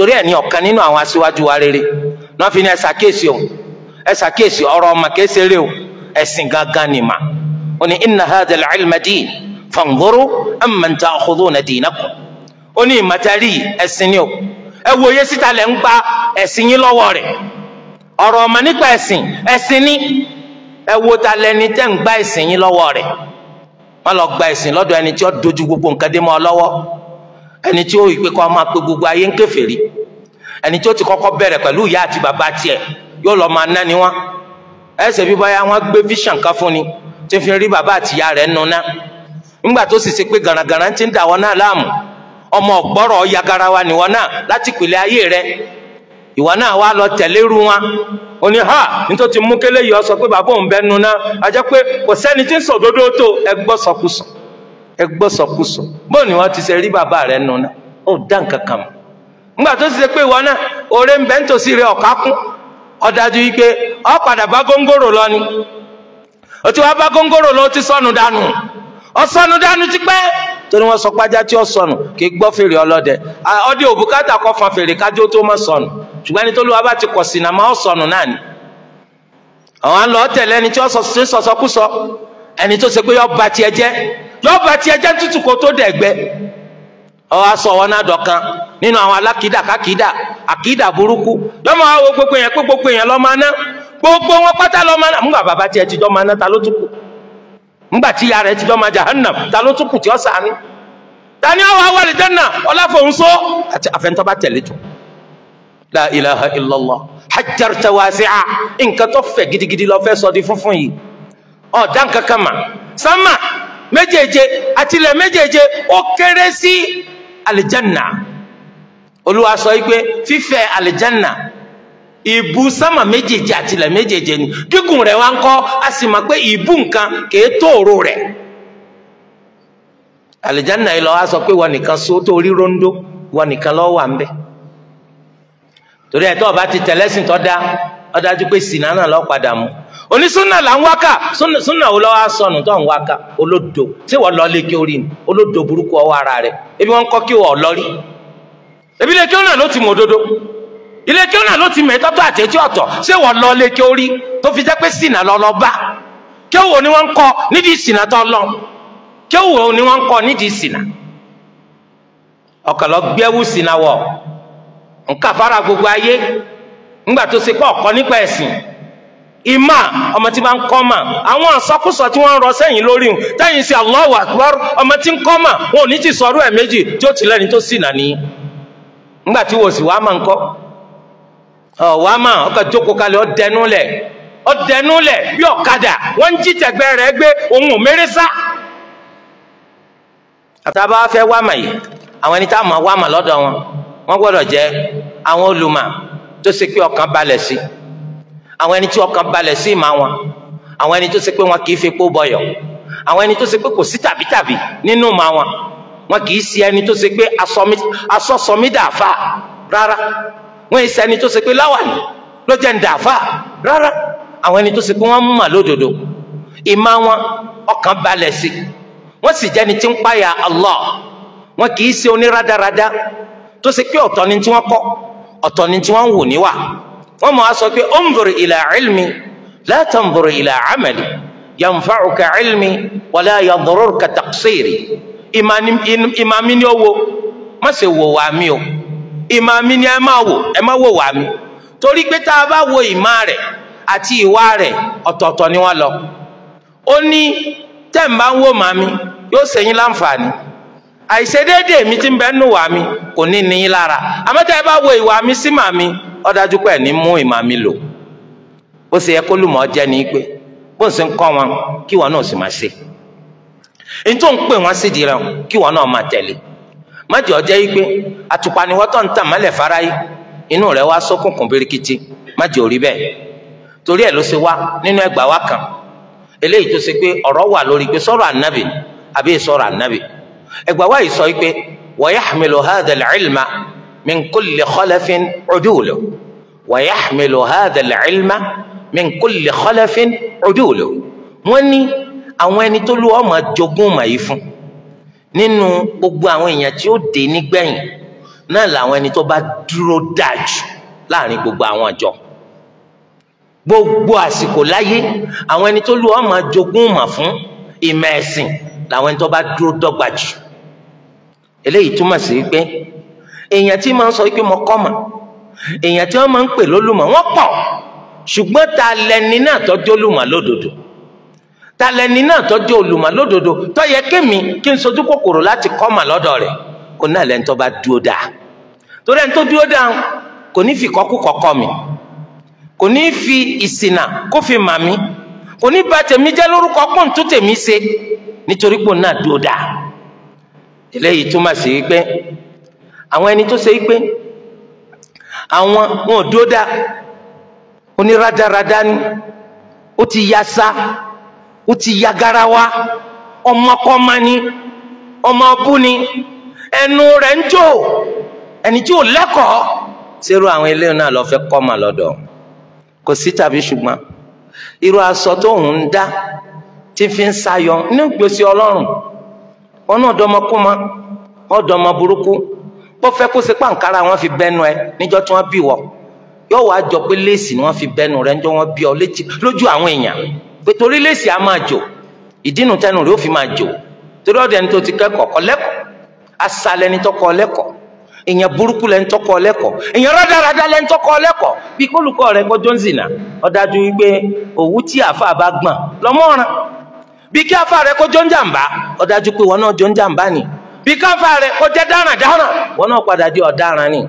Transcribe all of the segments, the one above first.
torí ẹ̀ ní ọ̀kan nínú àwọn aṣíwájú wa rere náà fi ní ẹ ṣàkíyèsí o ẹ ṣàkíyèsí ọ̀rọ̀ ọmọ kẹsẹ rẹ o ẹ̀sìn gangan ni mà ó ní inna hadha al-ilma din fanzuru amman ta'khudhuna dinakum ó ní ìmọ̀tẹ́rì ẹ̀sìn ni o ẹ wo iye síta lẹ̀ ń gba ẹ̀sìn yín lọ́wọ́ rẹ̀ ọ̀rọ̀ ọmọ nípa ẹ̀sìn ẹ̀sìn ni ẹ wo ta lẹni tẹ́ ń gba ẹ̀sìn yín lọ́wọ́ rẹ̀ má lọ gba ẹ̀sìn lọ́dọ̀ ẹni tí ó dojú gbogbo nǹkan dé mọ́ ọ lọ́wọ́ ẹni tí ó yí pé kọ́ máa pe gbogbo ayé ń kèfèrí ẹni tí ó ti kọ́kọ́ bẹ̀rẹ̀ pẹ̀lú ìyá àti bàbá tiẹ̀ yóò lọ máa ná ni wọn ẹsẹ̀ bí ya wọn gbé vision kan fún ni tí fi rí bàbá àti ìyá rẹ̀ nu náà nígbà tó sì ṣe pé gàràngàrà ti ń dà wọn náà láàmú ọmọ ọ̀gbọ́rọ̀ garawa nìwọ náà láti ayé rẹ. ìwọ náà wá lọ tẹ̀lé ru wọn ó ní ha nítorí mú ọ sọ pé bàbá òun nu náà kò sẹ́ni ẹgbọ́sọkúsọ bóun ni wọ́n ti ṣe rí bàbá rẹ̀ nù náà ó dá nǹkan kan mọ́ nígbà tó ti ṣe pé ìwọ náà oore ń bẹ ń tòsí rẹ ọ̀ká kún ọ̀dájú padà bá góńgòrò lọ ni ó ti wá bá góńgòrò lọ ó ti sọnù dànù ó sọnù dànù ti pẹ́ torí wọ́n sọ pájá tí ó sọnù kì í gbọ́ fèrè ọlọ́dẹ ọdẹ òbúkátà kọ́ fan fèrè kájọ tó mọ̀ sọnù ṣùgbọ́n ẹni tó lù wá ti kọ̀ sí nàmá ó sọnù náà ni àwọn àlọ́ tẹ̀lé ẹni tí ó sọ ẹni tó ṣe pé yọ ba tiẹ̀ jẹ́ yọba tí ẹjẹ tútù kó tó dẹ̀gbẹ́ ọwọ́ sọ wọn náà dọ̀kan nínú àwọn alákìdá kákìdá àkìdá burúkú yọmọ àwọn gbogbo èèyàn pé gbogbo èèyàn lọ́ọ́ máa ná gbogbo wọn pátá lọ́ọ́ máa ná mú bàbá tí ẹ ti jọ́ máa ná ta ló tún kù ńgbà tí ya rẹ̀ ti dọ́mọ jahannam ta ló tún kù tí ó sàánú ta ni àwọn awọ àlìjánà ọláfọ̀nsó àti àfẹnutọ́ba tẹ̀lé tó la ilaha illallah hajjar tawasi'a nǹkan tó fẹ̀ gidigidi lọ fẹ́ sọ di funfun yìí ọ̀dà nǹkan kan mà sánmà méjèèje àtilẹ̀ méjèèje ó kéré sí àlìjánà olúwa sọ wípé fífẹ̀ àlìjánà ìbú sámà méjèèje àtilẹ̀ méjèèje ni gígùn rẹ̀ wá ń kọ́ a sì mọ̀ pé ìbú nǹkan kìí tóòrò rẹ̀ àlìjánà yìí lọ wá sọ pé wọn nìkan so tó rí rondo wọn nìkan lọ wà ń bẹ torí ẹ̀ tó o bá ti tó ó pé sìnà náà lọ padà mú onísúnà là súnà wo lọ́wọ́ sọnù tó ń wákà olódo tí wọ́n lọ lé kí orí ni burúkú ọwọ́ ara rẹ̀ ebi wọ́n kọ́ kí wọ́n ebi kí ó nà ló ti mọ òdodo ilé kí ó nà ló ti mọ̀ ètò àtẹ̀tí ọ̀tọ̀ ṣé wọ́n lọ lé kí orí tó lọ lọ bá kí ni wọ́n kọ́ nídìí gbogbo ayé ńgbà tó ṣe ọkọ ọ̀kọ́ nípa ẹ̀sìn ima ọmọ ti àwọn àsọkúsọ tí wọn rọ sẹ́yìn lórí hùn Allahu Akbar ọmọ ti ń ma wọn ò ti sọ̀rọ̀ ti lẹ́ni tó sì nà ní ńgbà tí wò sí wàá mà ń kọ́ ọ̀ wàá mà ọkọ̀ jókòó kalẹ̀ dẹnu dẹnu wọ́n ń wàmà àwọn ẹni tá wàmà tó ṣe pé ọkàn balẹ̀ sí àwọn ẹni tí ọkàn balẹ̀ sí ìmọ̀ wọn àwọn ẹni tó ṣe pé wọn kì í fepo bọyọ̀ àwọn ẹni tó ṣe pé kò sí tàbítàbí nínú ìmọ̀ wọn wọn kì í ṣe ẹni tó ṣe pé asọ́sọmídàáfà rárá wọn ìṣe ẹni tó ṣe pé láwàní ló jẹ́ ń dàáfà rárá àwọn ẹni tó ṣe pé wọ́n mọ̀ lódodo ìmọ̀ wọn ọkàn balẹ̀ sí wọ́n sì jẹ́ni tí ń páyà Allah wọn kì í ṣe oníradarada tó ṣe pé ọ̀tọ̀ ni tí wọ́n kọ́ ọ̀tọ̀ ni tí wọ́n ń wò níwà wọ́n mọ̀ á sọ pé unzur ila ilmi la tanzur ila amali yanfa'uka ilmi wala yadurruka taqsiri ìmàmí ni ó wo má ṣe wò wá mi o ìmàmí ni ẹ má wò ẹ má wò wá mi torí pé tá a bá wo ìmá rẹ̀ àti ìwà rẹ̀ ọ̀tọ̀ọ̀tọ̀ ni wọ́n lọ ó ní tẹ̀ ń bá ń wò màmí yóò ṣe láǹfààní àìṣedéédé mi ti ń bẹ nù wà mí kò ní ní lára àmọ́tẹ́ ẹ bá ìwà mi sí màmí ó dájú pé ní mú ìmà mi lò bó ṣe yẹ kó lùmọ̀ jẹ́ ní pé bó ń ṣe ń kọ́ wọn kí wọn náà sì máa ṣe ní tó ń pè wọn sídìí rẹ kí wọn náà máa tẹ̀lé pé ń fara yìí inú rẹ̀ wá sókùnkùn birikiti orí bẹ́ẹ̀ wà lórí ẹgbà wáyé sọ pé wa yahmilu hadha al-ilma min kulli khalafin udulu wa yahmilu hadha al-ilma min kulli khalafin udulu wọ́n ní àwọn ẹni tó lù ọ́ máa jogún màá yìí fún nínú gbogbo àwọn èèyàn tí ó dé nígbẹ̀yìn náà làwọn ẹni tó bá dúró dájú láàrin gbogbo àwọn àjọ gbogbo àsìkò láyé àwọn ẹni tó lù máa jogún mà fún ìmọ̀ ẹ̀sìn làwọn ẹni tó bá dúró dọ́gba jù eléyìí túmọ̀ sí pé èèyàn tí máa ń sọ pé mo kọ́ mà èèyàn tí wọ́n máa ń pè lólùmọ̀ wọ́n pọ̀ ṣùgbọ́n ta lẹni náà tọ́jú olùmọ̀ lódodo ta lẹni náà tọ́jú olùmọ̀ lódodo tó yẹ kémi kí n sojú kòkòrò láti kọ́ mà lọ́dọ̀ rẹ̀ kò náà lẹni tó bá dúró dáa torí ẹni tó dúró dáa kò ní fi kọ́kú kọ́kọ́ mi kò ní fi ìsìnà kó fi mà mí kò ní bà tèmi jẹ́ lórúkọ pọ́ǹtù tèmi ṣe nítorí pò náà dúró dáa eléyìí túmọ̀ sí pé àwọn ẹni tó ṣe pé àwọn wọn ò dúró dáa oníradàradà ni ó ti ya sa, ó ti ya garawa ọmọkọ́mọ ni ọmọ ọbú ni ẹnu rẹ̀ ń jò ẹni tí ò lẹ́kọ̀ọ́ sẹ́rù àwọn eléyìí náà lọ́ọ́ fẹ́ kọ́ mà lọ́dọ̀ kò sí tàbí ṣùgbọ́n irú aṣọ tó ń dá tí fi ń sayọ ní gbèsè ọlọ́run wọn náà dọmọkúmọ wọn dọmọ burúkú bó fẹ́ kó ṣe pàǹkárá wọn fi bẹ́nu ẹ níjọ́ tí wọ́n bì wọ́ yóò wá jọ pé léèsì ni wọ́n fi bẹ́nu rẹ níjọ́ wọ́n bí ọ lójú àwọn èèyàn pé torí léèsì á máa jò ìdínú tẹnu rẹ ó fi máa jò torí ọ̀dẹ̀ ni tó ti kẹ́kọ̀ọ́ kọ́ lẹ́kọ̀ọ́ asalẹ̀ ni tó kọ́ lẹ́kọ̀ọ́ èèyàn burúkú lẹ́ ń tọ́kọ lẹ́kọ̀ọ́ èèyàn rádaràdá lẹ́ ń tọ́kọ lẹ́kọ̀ọ́ bí kólùkọ́ rẹ̀ gbọ́jọ́ ń zìnà ọ̀dájú wípé òwú tí àfa bá gbọ̀n lọ́mọ́ràn bí kí àfa rẹ̀ kójọ́ ń jàǹbá pé wọn náà jọ ni bí káfa rẹ̀ kó jẹ́ dáradáran wọn náà padà di ọ̀daràn ni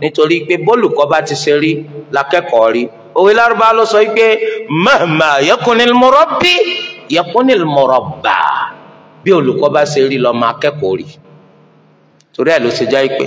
nítorí pé bólùkọ́ bá ti ṣe rí lakẹ́kọ̀ọ́ rí òwe lárúbá ló sọ pé mahma yakunil murabbi yakunil murabba bí olùkọ́ bá ṣe rí lọ́mọ akẹ́kọ̀ọ́ rí torí ẹ̀ ló ṣe já ìpè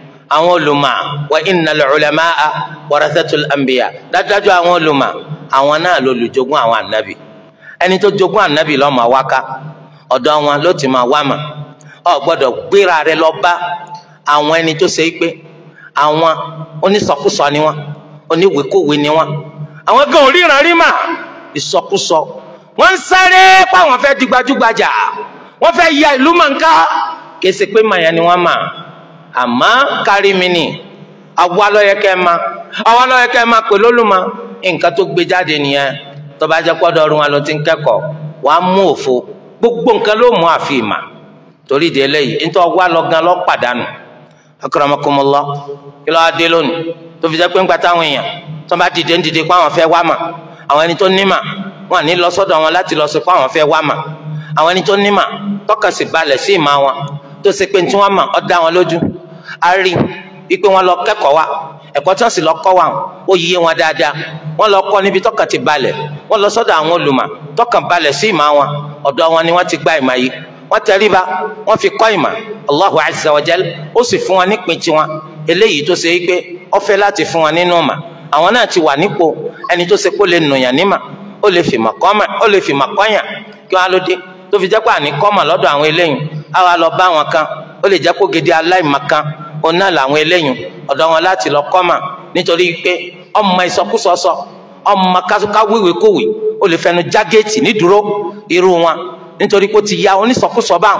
àwọn olùmọ̀ wa innal ulama'a warathatul anbiya dájúdájú àwọn olùmọ̀ àwọn náà ló lùjogún àwọn ànábì ẹni tó jogún ànábì ló máa wáká ọ̀dọ̀ wọn ló ti máa wá mà ọ gbọ́dọ̀ gbéra rẹ lọ bá àwọn ẹni tó ṣe é pé àwọn onísọkúsọ ni wọn oníwèékòwé ni wọn àwọn gan oríran rí mà ìsọkúsọ wọn ń sáré páwọn fẹ́ẹ́ di gbajúgbajà wọn fẹ́ẹ́ ya ìlú mọ̀nká kèsì pé màyà ni wọn máa àmọ́ kárí mi ni àwa lọ́yẹ kẹ́ ma àwa lọ́yẹ kẹ́ ma pè lólùmọ nǹkan tó gbé jáde nìyẹn tó jẹ́ pọ́dọ̀ ọdún wa ló ti ń kẹ́kọ̀ọ́ wàá mú òfo gbogbo nǹkan ló mú àfi ìmà torí di eléyìí nítorí ọwọ́ alọ́gan lọ́ pàdánù akramakumullah kí ló wá dé lónìí tó fi jẹ́ pé ń gba táwọn èèyàn tó bá dìde ń dìde pé àwọn fẹ́ wá mà àwọn ẹni tó ní mà wọn à lọ sọ́dọ̀ wọn láti lọ sí pé àwọn fẹ́ wá mà àwọn ẹni tó ní mà tọ́kàn sì balẹ̀ sí ìmà wọn tó ṣe pé ní tí wọ́n mà ọ́ dá wọn lójú a rí wípé wọ́n lọ kẹ́kọ̀ọ́ wa ẹ̀kọ́ tí wọ́n sì lọ kọ́ wa ó yíyé wọn dáadáa wọ́n lọ kọ́ níbi tọ́kàn ti balẹ̀ wọ́n lọ sọ́dọ̀ àwọn olùmọ̀ tọ́kàn balẹ̀ sí ìmọ̀ wọn ọ̀dọ̀ wọn ni wọ́n ti gba ìmọ̀ yìí wọ́n tẹríba wọ́n fi kọ́ ìmọ̀ Allahu azza wa jal ó sì fún wọn nípìn tiwọn eléyìí tó ṣe é pé ó fẹ́ láti fún wọn nínú ìmọ̀ àwọn náà ti wà nípò ẹni tó ṣe kó lè nùyàn nímọ̀ ó lè fìmọ̀ kọ́mọ̀ ó lè fìmọ̀ kọ́yàn kí wọ́n á ló dé tó fi jẹ́ pé àní kọ́mọ̀ àwọn eléyìí á wá lọ bá wọn kan ó lè jẹ́ kó gidi aláìmọ̀kan òun náà làwọn eléyìn ọ̀dọ̀ wọn láti lọ kọ́mà nítorí pé ọmọ ìsọkúsọsọ ọmọ káwíwèé kòwì ó lè fẹnu já géètì nídúró irú wọn nítorí pé ó ti ya onísọkúsọ bá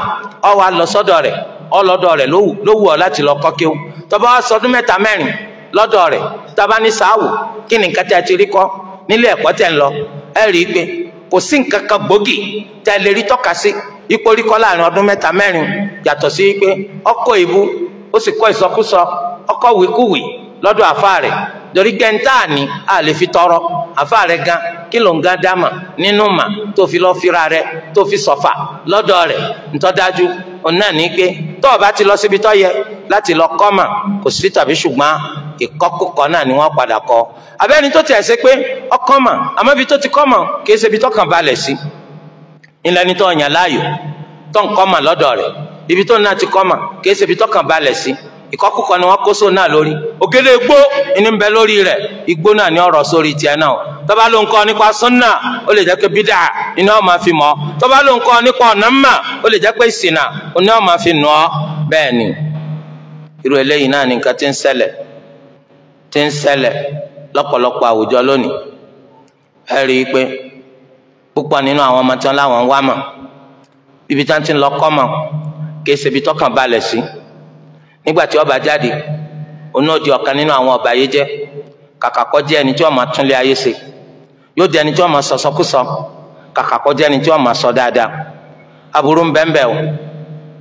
ọ wà lọ sọ́dọ̀ rẹ̀ ọ lọ́dọ̀ rẹ̀ ló wù ọ láti lọ kọ́kéwù tọba sọdún mẹ́ta mẹ́rin lọ́dọ̀ rẹ̀ tọba ní sáàwù kí ni nǹkan tẹ́ ti rí kọ́ nílé ẹ̀kọ́ tẹ́ ń lọ ẹ rí i pé kò sí nǹkan kan gbòógì tẹ́ lè rí tọ́ka sí ìkórìkọ́ láàrin ọdún mẹ́ta mẹ́rin yàtọ̀ sí ikpe ọkọ ìbú ó sì kọ́ ìsọkúsọ ọkọ̀ wíkúwì lọ́dọ̀ àfa rẹ̀ torí gẹ́ńtáàní a lè fi tọrọ àfa rẹ̀ gan kí ló ń gan dámà nínú mà tó fi lọ́ọ́ fira rẹ̀ tó fi sọ̀fà lọ́dọ̀ rẹ̀ ntọ́dájú òun náà ní pé tó o bá ti lọ síbi tó yẹ láti lọ kọ́ mà kò sí tàbí ṣùgbọ́n ìkọ́kùkọ náà ni wọ́n padà kọ́ abẹ́ni tó ti ẹ̀ ṣe pé ọkọ́ mà àmọ́ ibi tó ti kọ́ mà kì í ṣe ibi tó kàn balẹ̀ sí. Si ńlẹni tó ọyàn láàyò tó ń kọ́ lọ́dọ̀ rẹ̀ ibi tó náà ti kọ́ kìí ṣe ibi tó kàn balẹ̀ sí ìkọ́kùkọ ni wọ́n kó sóun náà lórí ògèdè igbó ni ń lórí rẹ̀ igbó náà ni ọ̀rọ̀ sórí tiẹ̀ náà tọ́ba ló ń kọ́ nípa sunna ó lè jẹ́ pé bídà máa fi mọ́ tọ́ba ló ń kọ́ nípa ọ̀nà mà ó lè ń sẹlẹ̀ ti ń lọ́pọ̀lọpọ̀ àwùjọ púpọ̀ nínú àwọn ọmọ tí wọ́n láwọn wá mọ̀ ibi tí wọ́n ti ń lọ kọ́ mọ̀ ṣe ibi tọ́kàn balẹ̀ sí nígbà tí jáde ọ̀kan nínú ọba ayé jẹ́ kàkà jẹ́ ẹni tí wọ́n máa ayé ṣe yóò di ẹni tí wọ́n máa sọ sọkúsọ kàkà jẹ́ ẹni tí wọ́n sọ dáadáa aburú ń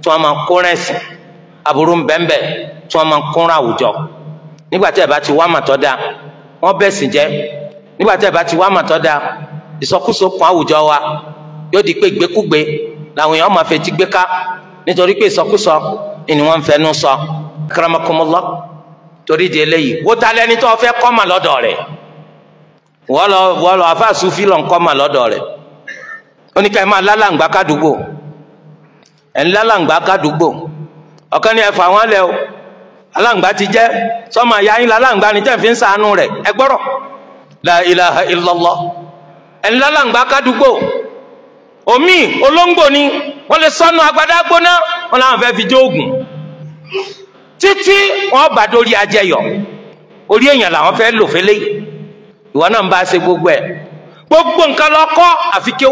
tí wọ́n máa rẹ̀sìn aburú ń tí wọ́n máa nígbà tí ẹ̀ bá ti wá dáa wọ́n ìsọkúsọ kún àwùjọ wa yóò di pé ìgbékúgbé làwọn èèyàn máa fetí gbé ká nítorí pé ìsọkúsọ ni wọ́n ń fẹnu sọ. akaramakomọlọ torí di eléyìí wọ́n ta lẹ́ni tó fẹ́ kọ́mà lọ́dọ̀ rẹ̀ wọ́n lọ wọ́n lọ àfa àsúfì lọ́n kọ́mà lọ́dọ̀ rẹ̀ oníkà ẹ̀ máa lálàǹgbá kádùgbò ẹ̀ ń lálàǹgbá kádùgbò ni ẹ̀fọ́ àwọn lẹ́ o alàǹgbá ti jẹ́ sọ́mọ ayáyín lálàǹgbá ni tẹ̀ fi ń sàánú rẹ̀ ẹ gbọ́rọ̀ la ilaha illallah ẹ̀ńlálàǹgbá kádùgbò omi olóńgbò ni wọ́n lè sọ́nà agbádá gbóná wọ́n láwọn fẹ́ fi jẹ oògùn títí wọ́n bá dórí ajẹyọ orí èèyàn làwọn fẹ́ lò fẹ́lẹ́ ìwọ náà ń bá ṣe gbogbo ẹ̀ gbogbo nǹkan lọ kọ́ àfi kí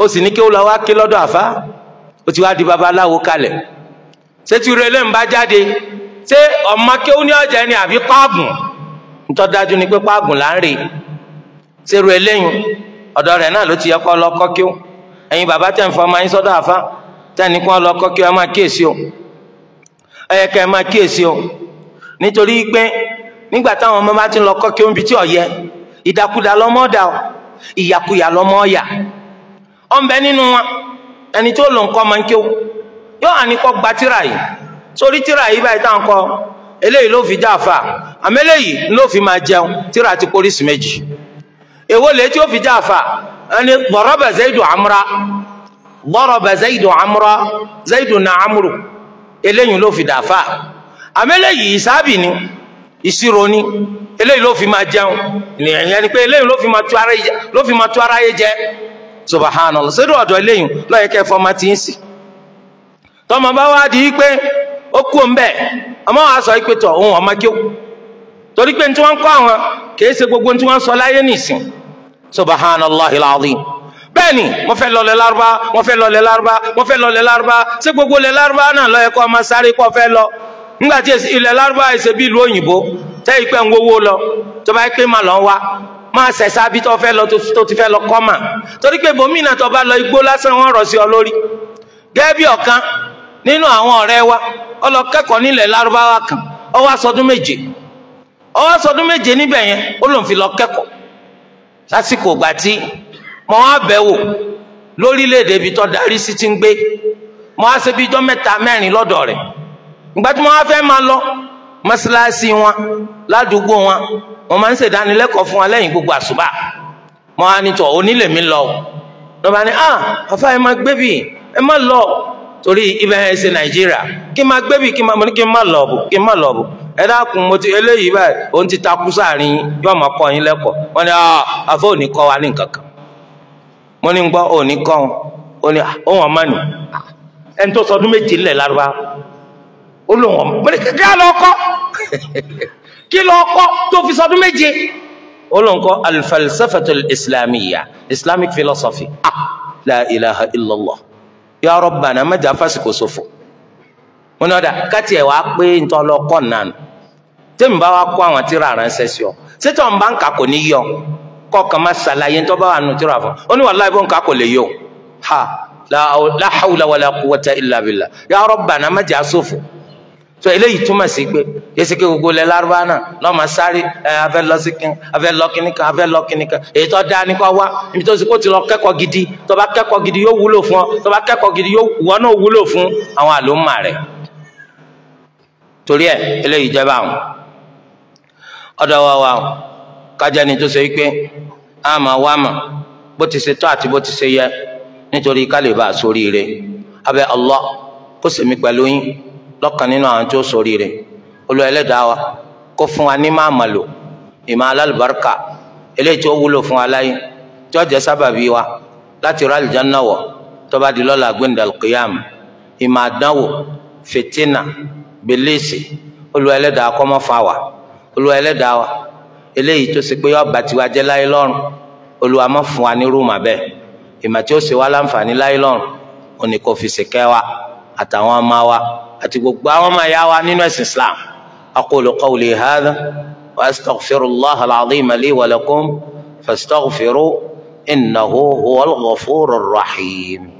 ó sì ní kí ó lọ wá ké lọ́dọ̀ àfá ó ti wá di babaláwo kalẹ̀ ṣé ti rẹ lẹ́nu bá jáde ṣé ọmọ kí ó ní ọ̀jẹ̀ ni àfi páàgùn ń tọ́ dájú ni pé páàgùn là ń rè é seru eléyìn ọ̀dọ̀ rẹ̀ náà ló ti yẹ kó lọ kọ́kí o ẹ̀yin bàbá tẹ̀ ń fọmọ yín sọ́dọ̀ àfa tẹ̀ ní kó lọ kọ́kí o ẹ máa kíyèsí o ẹ yẹ kẹ́ ẹ máa kíyèsí o nítorí pé nígbà táwọn ọmọ bá ti lọ kọ́kí o ń bi tí ò yẹ ìdàkudà lọ́mọ dà o ìyàkuyà lọ́mọ ọ̀yà ọ̀nbẹ nínú wọn ẹni tó lò ń kọ́ máa ń kí o yóò hàn ní kọ́ gba tíra yìí sórí tíra yìí báyìí táwọn kọ eléyìí ló fi já àfa àmẹ́lẹ́yìí ló fi máa jẹun tíra ti porísì méjì. èwo lè tí ó fi já àfà daraba zaidu amra daraba zaidu amra zaidu na amru eléyìn lo fi dàfà àmẹ́lẹ́yìí isabi ni isiro ni eléyìí lo fi máa ni ìyẹn ni pe eléyìí fi máa ara aráyé jẹ subhanallah sórí ọ̀dọ̀ eléyìí lọ́yẹ kẹ́ fọmọ tí ń sì di ikpe, o kú ń bẹ̀ wa sọ ohun ọmọ kí ó torí gbogbo subahana allah ilaali bẹ́ẹ̀ni mo fẹ́ lọlẹ larubá mo fẹ lọlẹ larubá mo fẹ lọlẹ ṣé gbogbo lẹ larubá náà lọ ẹkọ ọmọ sáré lọ ńgbà tí ilẹ̀ larubá ẹsẹ bí ìlú òyìnbó tẹ ìpẹ ń wowó lọ tó bá pé màlọ lọ tó lọ kọ́ mà torí pé bòmínà lọ igbó lásán wọn nínú àwọn ọ̀rẹ́ wa kẹ́kọ̀ọ́ nílẹ̀ lásìkò ìgbà tí mo wá bẹ̀wò lórílẹ̀‐èdè ibi tó darí sí ti ń gbé mo wá ṣe bí ijọ́ mẹ́ta mẹ́rin lọ́dọ̀ rẹ̀ ìgbà tí mo wá fẹ́ máa lọ mọ́ṣáláṣí wọn ládùúgbò wọn mo máa ń ṣèdánilẹ́kọ̀ọ́ fún wọn lẹ́yìn gbogbo àṣùbà mo wá ní tọ̀ onílé mi lọ lọ́ba ní ah àfa ẹ máa gbé bì ẹ má lọ torí ibẹ̀ ẹ ṣe nàìjíríà kí n máa gbébì kí n máa kí n máa lọ̀bù kí n máa lọ̀bù ẹ dákun mo ti eléyìí báyìí òun ti takú sáàrin yóò máa kọ́ yín lẹ́kọ̀ọ́ wọ́n ní àfọ ah, òní kọ́ wa ní nǹkan kan mo ní gbọ́ òní kọ́ òun òní òun ọmọ nì ẹni tó sọdún méje ńlẹ̀ lárúbá ó lóun ọmọ mo ní kí á lọ kọ́ kí lọ kọ́ tó fi sọdún méje ó lóun kọ́ al islamiyya islamic philosophy ah la ilaha illallah ya Rabbana mẹ́jà fásikò ṣòfò wọn ni ọ̀dà káti ẹ̀ wá pé ntọ́ lọ kọ́ nànú tẹ́mi bá wá kó àwọn tíra ránṣẹ́ sí ọ sétọ̀ ń bá ń kà kò ní yọ kọ́ọ̀kan má ṣàlàyé ntọ́ bá wà nù tíra fún ọ ní wallahi bó ń kà kò lè yọ ha la hawla wala quwwata illa billah ya Rabbana mẹ́jà so eléyìí túmọ̀ sí pé yéésìké gbogbo lẹ si náà lọ́mọ sáré ẹ lọ sí kín lọ kíní kan lọ kíní kan èyí tó dáa ní wá ibi tó ti lọ kẹ́kọ̀ọ́ gidi tó bá gidi yóò wúlò fún ọ tó bá kẹ́kọ̀ọ́ gidi yóò fún àwọn àlòmà rẹ̀ torí ẹ eléyìí jẹba àwọn wa wa kájà ni tó ṣe àmà mà bó ti ṣe tọ́ àti bó ti ṣe yẹ nítorí lọ́kàn nínú àwọn tó sórí rẹ̀ olú ẹlẹ́dàá wa kó fún wa ní máa mà lò ìmọ̀ alálùbáríkà eléyìí tó wúlò fún wa láyé tó jẹ́ sábàbí wa láti rà àlùjáná wọ̀ tó bá di lọ́la gbẹ̀ndàlùkìyàm ìmọ̀ àdánwò fìtínà bìlíìsì olú ẹlẹ́dàá kó má wa olú eléyìí tó ṣe pé ọba tiwa jẹ́ láyé lọ́rùn olúwa má fún wa ní rúùmù abẹ́ ìmọ̀ tí ó ṣe wá láǹfààní láyé lọ́rùn òní kò fi ṣèkẹ́ wa àtàwọn ọmọ wa. اقول قولي هذا واستغفر الله العظيم لي ولكم فاستغفروا انه هو الغفور الرحيم